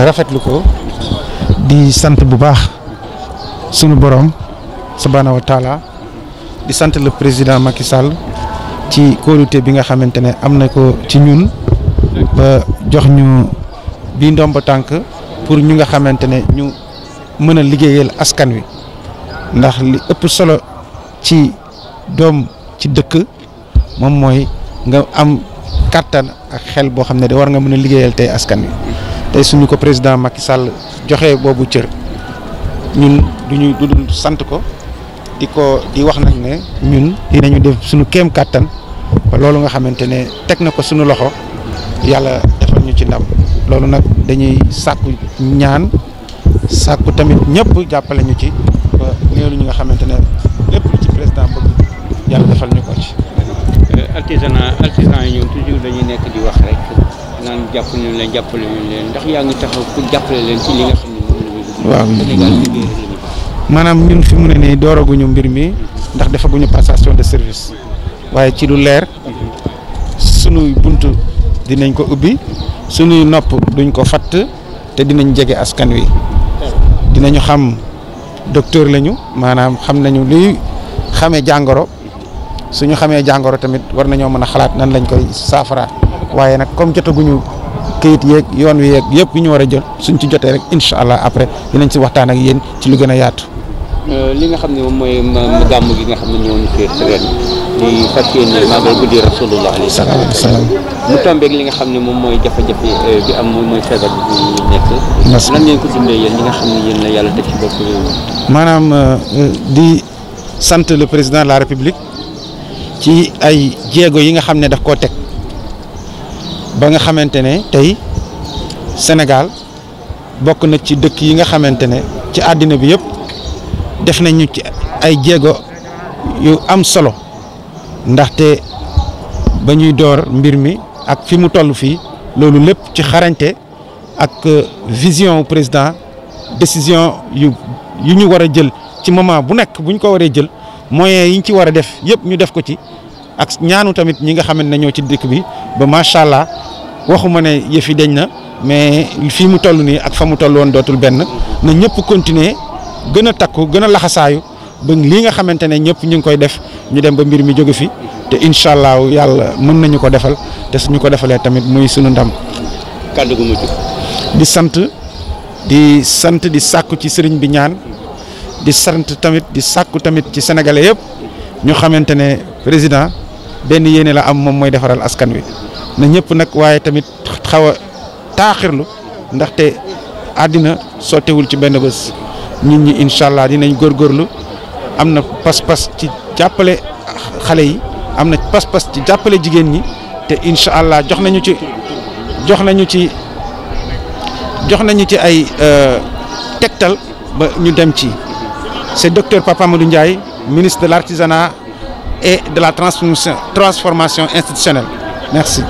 rafetlu ko di sant bu baax sunu boroom subhaanahu wa di sant le président Macky Sall ci kóolute bi nga xamante ne am na ko ci ñun ba jox ñu bi ndomb tànk pour ñu nga xamante ne ñu mën a liggéeyal askan wi ndax li ëpp solo ci doom ci dëkk moom mooy nga am kàttan ak xel boo xam ne de war nga mën a liggéeyal tey askan wi tey suñu ko président Macky Sall joxe boobu cër ñun du dul sant ko di ko di wax nag ne ñun dinañu def suñu kem kàttan loolu nga xamante ne teg na ko suñu loxo yàlla defal ñu ci ndam loolu nag dañuy sàkku ñaan sàkku tamit ñëpp jàppale ñu ci ba ñi nga xamante ne lépp lu ci président bëgg yàlla defal ñu ko ci. artisanat artisan yi ñoom toujours dañuy nekk di wax rek naan ñu leen jàppale ñu leen ndax pour jàppale leen ci nga xam ne maanaam ñun fi mu ne nii dooraguñu mbir mi ndax defaguñu passation de service waaye ci lu leer sunuy bunt dinañ ko ubbi sunuy nopp duñ ko fatt te dinañ jege askan wi dinañu xam. docteur lañu maanaam xam nañu luy xamee jàngoro suñu xamee jàngoro tamit war nañoo mën a xalaat nan lañ koy saafara waaye nag comme jotaguñu kayit yeeg yoon wi yeeg yëpp yi ñu war a jël suñ ci jotee rek incha allah après dinañ si waxtaan ak yéen ci lu gën a yaatu. Euh, li nga xam ne moom mooy gàmm gi nga xam ne ñoo ñu fi ren di fas yéene magal guddi rasulullah alayhi salaam mu tombeeg li nga xam ne moom mooy jafe-jafe euh, bi am mooy feebar bi ñu nekk. lan ngeen yéen nga xam ne yéen la yàlla maanaam euh, di sant le président de la république ci ay jéego yi nga xam ne daf koo teg ba nga xamante ne tey Sénégal bokk na ci dëkk yi nga xamante ne ci àddina bi yëpp. def nañu ci ay jéego yu am solo ndaxte ba ñuy door mbir mi ak fi mu toll fii loolu lépp ci xarañte ak euh, vision président décision yu ñu war a jël ci moment bu nekk bu ñu ko waree jël moyens yi ñu ci war a def yëpp ñu def ko ci ak ñaanu tamit ñi nga xamante ne ñoo ci dikk bi ba macha allah waxuma ne yëf yi deñ na mais fii mu toll nii ak fa mu toll woon dootul benn na ñëpp continuer gën a takku gën a laxasaayu ba lii nga xamante ne ñëpp ñu ngi koy def ñu dem ba mbir mi jóge fi te incha allah yàlla mën nañu ko defal te suñu ko defalee tamit muy suñu ndam. kàddu gu di sant di sant di sàkku ci sëriñ bi ñaan di sant tamit di sàkku tamit ci sénégalais yëpp ñu xamante ne président benn yéene la am moom mooy defaral askan wi ñëpp nag waaye tamit xaw a taaxirlu ndaxte àddina sottewul ci benn bës nit ñi incha allah dinañ góorgóorlu am na pas-pas ci jàppale xale yi am na pas-pas ci jàppale jigéen ñi te incha allah jox nañu ci jox nañu ci jox nañu ci ay euh, tegtal ba ñu dem ci c'est docteur Papa Amadou Ndiaye ministre de l'artisanat et de la transformation institutionnelle merci.